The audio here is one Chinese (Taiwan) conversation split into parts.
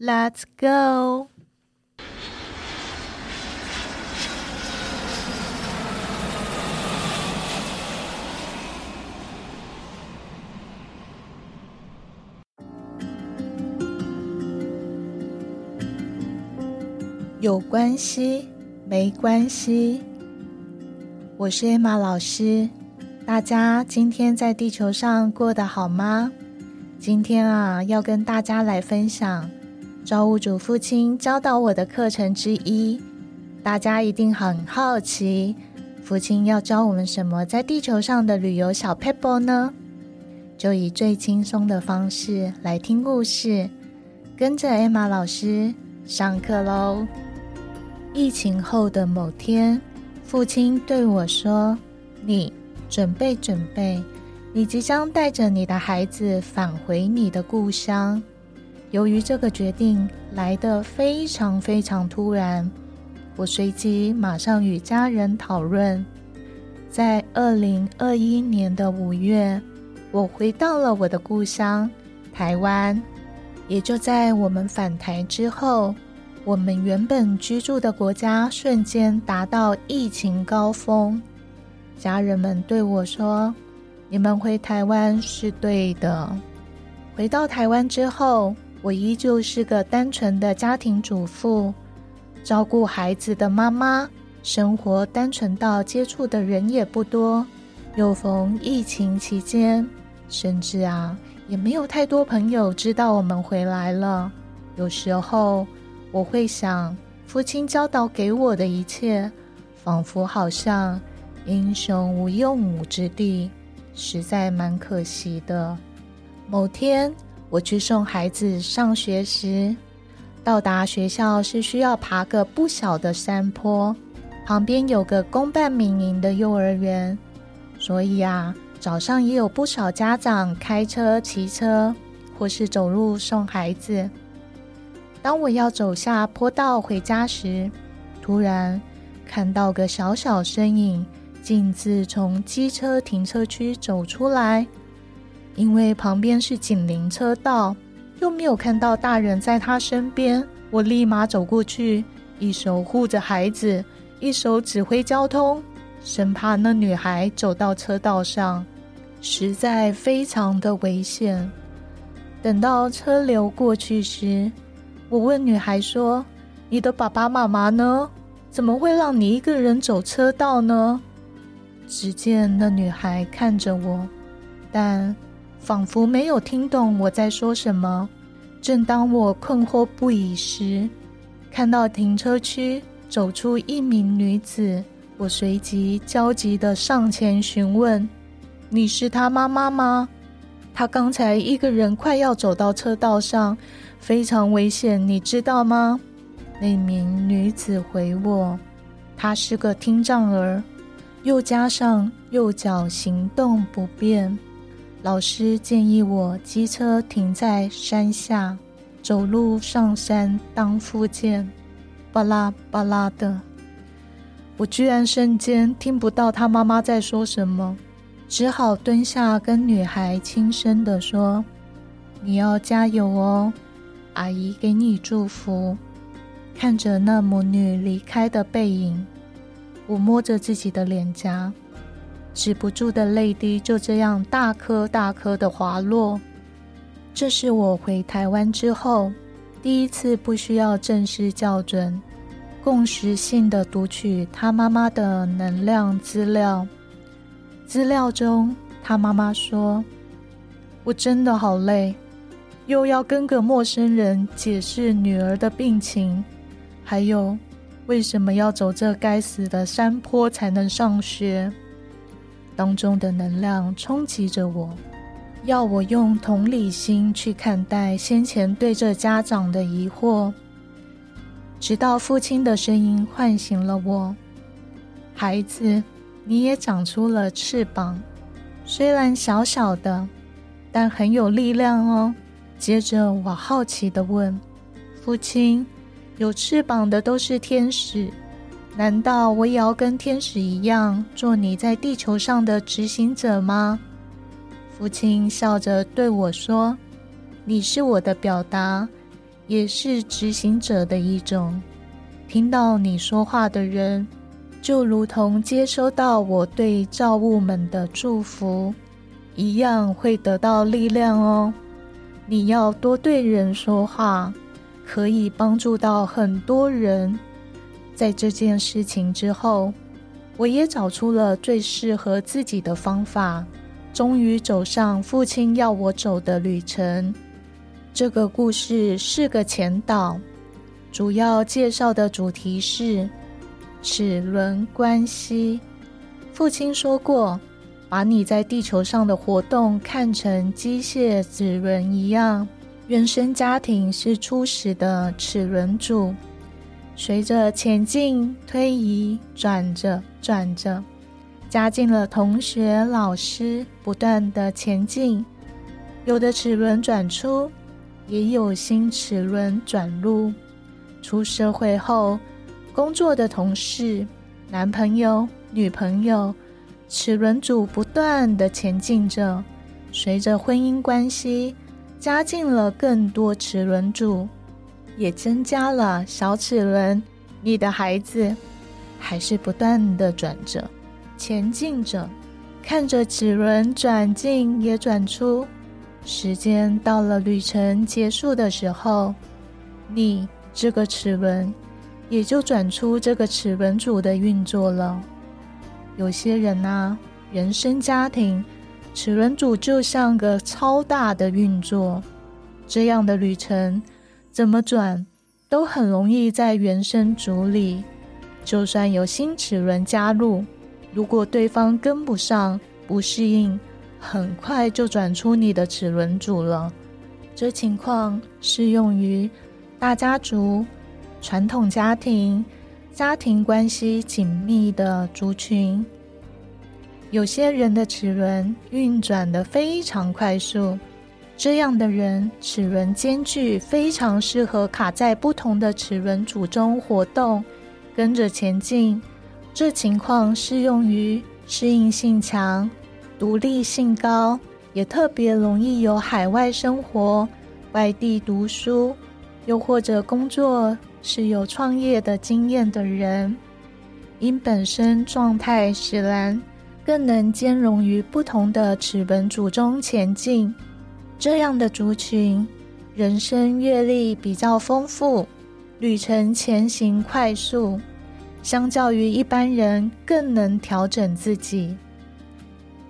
Let's go。有關係，沒關係。我是 Emma 老師，大家今天在地球上過得好嗎？今天啊，要跟大家來分享。造物主父親教導我的課程之一，大家一定很好奇，父親要教我們什麼在地球上的旅遊小佩 r 呢？就以最輕鬆的方式來聽故事，跟着艾瑪老師上課嘍。疫情後的某天，父親對我說：“你準備準備，你即將帶着你的孩子返回你的故鄉。”由於這個決定來得非常非常突然，我隨即馬上與家人討論。在二零二一年的五月，我回到了我的故鄉台灣。也就在我們返台之後，我們原本居住的國家瞬間達到疫情高峰。家人們對我說：“你們回台灣是對的。”回到台灣之後，我依舊是個單純的家庭主婦，照顧孩子的媽媽，生活單純到接觸的人也不多。又逢疫情期間，甚至啊，也沒有太多朋友知道我們回來了。有時候我會想，父親教導給我的一切，仿佛好像英雄無用武之地，實在蠻可惜的。某天，我去送孩子上學時，到達學校是需要爬個不小的山坡，旁邊有個公辦民營的幼兒園，所以啊，早上也有不少家長開車、騎車或是走路送孩子。當我要走下坡道回家時，突然看到個小小身影徑自從機車停車區走出來。因為旁邊是緊鄰車道，又沒有看到大人在他身邊，我立馬走過去，一手護着孩子，一手指揮交通，生怕那女孩走到車道上，實在非常的危險。等到車流過去時，我問女孩說：“你的爸爸媽媽呢？怎麼會讓你一個人走車道呢？”只見那女孩看着我，但，仿佛沒有聽懂我在說什麼。正當我困惑不已時，看到停車區走出一名女子，我隨即焦急地上前詢問：“你是她媽媽嗎？她剛才一個人快要走到車道上，非常危險，你知道嗎？”那名女子回我：“她是個聽障兒，又加上右腳行動不便。”老師建議我機車停在山下，走路上山當復健，巴拉巴拉的。我居然瞬間聽不到她媽媽在說什麼，只好蹲下跟女孩輕聲地說：“你要加油哦，阿姨給你祝福。”看着那母女離開的背影，我摸着自己的臉頰。止不住的淚滴就這樣大顆大顆的滑落。這是我回台灣之後第一次不需要正式校準，共識性的讀取他媽媽的能量資料。資料中，他媽媽說：“我真的好累，又要跟個陌生人解釋女兒的病情，還有為什麼要走這該死的山坡才能上學。”當中的能量衝擊着我，要我用同理心去看待先前對着家長的疑惑，直到父親的聲音喚醒了我：“孩子，你也長出了翅膀，雖然小小的，但很有力量哦。”接着我好奇地問：“父親，有翅膀的都是天使？”難道我也要跟天使一樣，做你在地球上的執行者嗎？父親笑着對我說：“你是我的表達，也是執行者的一種。聽到你說話的人，就如同接收到我對造物們的祝福，一樣會得到力量哦。你要多對人說話，可以幫助到很多人。”在這件事情之後，我也找出了最適合自己的方法，終於走上父親要我走的旅程。這個故事是個前導，主要介紹的主題是齒輪關係。父親說過，把你在地球上的活動看成機械齒輪一樣，原生家庭是初始的齒輪組。隨着前進、推移、轉着轉着，加進了同學、老師，不斷地前進。有的齒輪轉出，也有新齒輪轉入。出社會後，工作的同事、男朋友、女朋友，齒輪組不斷地前進著。隨着婚姻關係，加進了更多齒輪組。也增加了小齒輪，你的孩子還是不斷的轉着，前進着，看着齒輪轉進也轉出。時間到了，旅程結束的時候，你這個齒輪也就轉出這個齒輪組的運作了。有些人啊，原生家庭齒輪組就像個超大的運作，這樣的旅程。怎麼轉，都很容易在原生組裡。就算有新齒輪加入，如果對方跟不上、不適應，很快就轉出你的齒輪組了。這情況適用於大家族、傳統家庭、家庭關係緊密的族群。有些人的齒輪運轉得非常快速。這樣的人，齒輪間距非常適合卡在不同的齒輪組中活動，跟着前進。這情況適用於適應性強、獨立性高，也特別容易有海外生活、外地讀書，又或者工作是有創業的經驗的人。因本身狀態使然，更能兼容於不同的齒輪組中前進。這樣的族群，人生閱歷比較豐富，旅程前行快速，相較於一般人更能調整自己。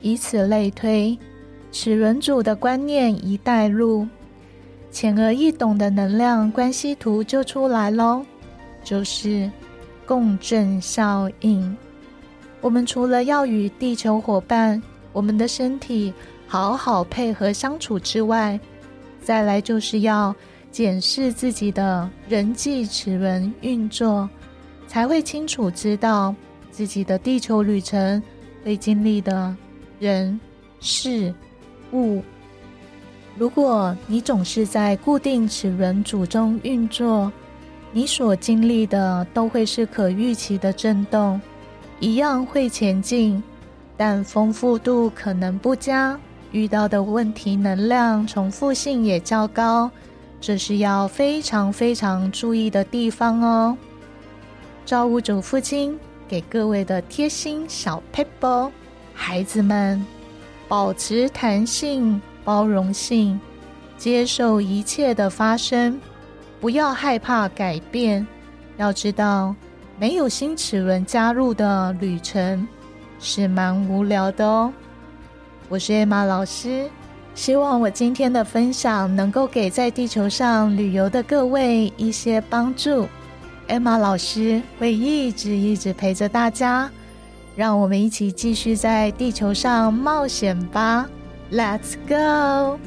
以此類推，齒輪組的觀念一帶入，淺而易懂的能量關係圖就出來咯，就是共振效應。我們除了要與地球夥伴，我們的身體。好好配合相處之外，再來就是要檢視自己的人際齒輪運作，才會清楚知道自己的地球旅程會經歷的人、事、物。如果你總是在固定齒輪組中運作，你所經歷的都會是可預期的震動，一樣會前進，但豐富度可能不佳。遇到的問題，能量重複性也較高，這是要非常非常注意的地方哦。造物主父親給各位的貼心小撇步，孩子們保持彈性、包容性，接受一切的發生，不要害怕改變。要知道，沒有新齒輪加入的旅程是蠻無聊的哦。我是 Emma 老師，希望我今天的分享能夠給在地球上旅遊的各位一些幫助。Emma 老師會一直一直陪着大家，讓我們一起繼續在地球上冒險吧！Let's go！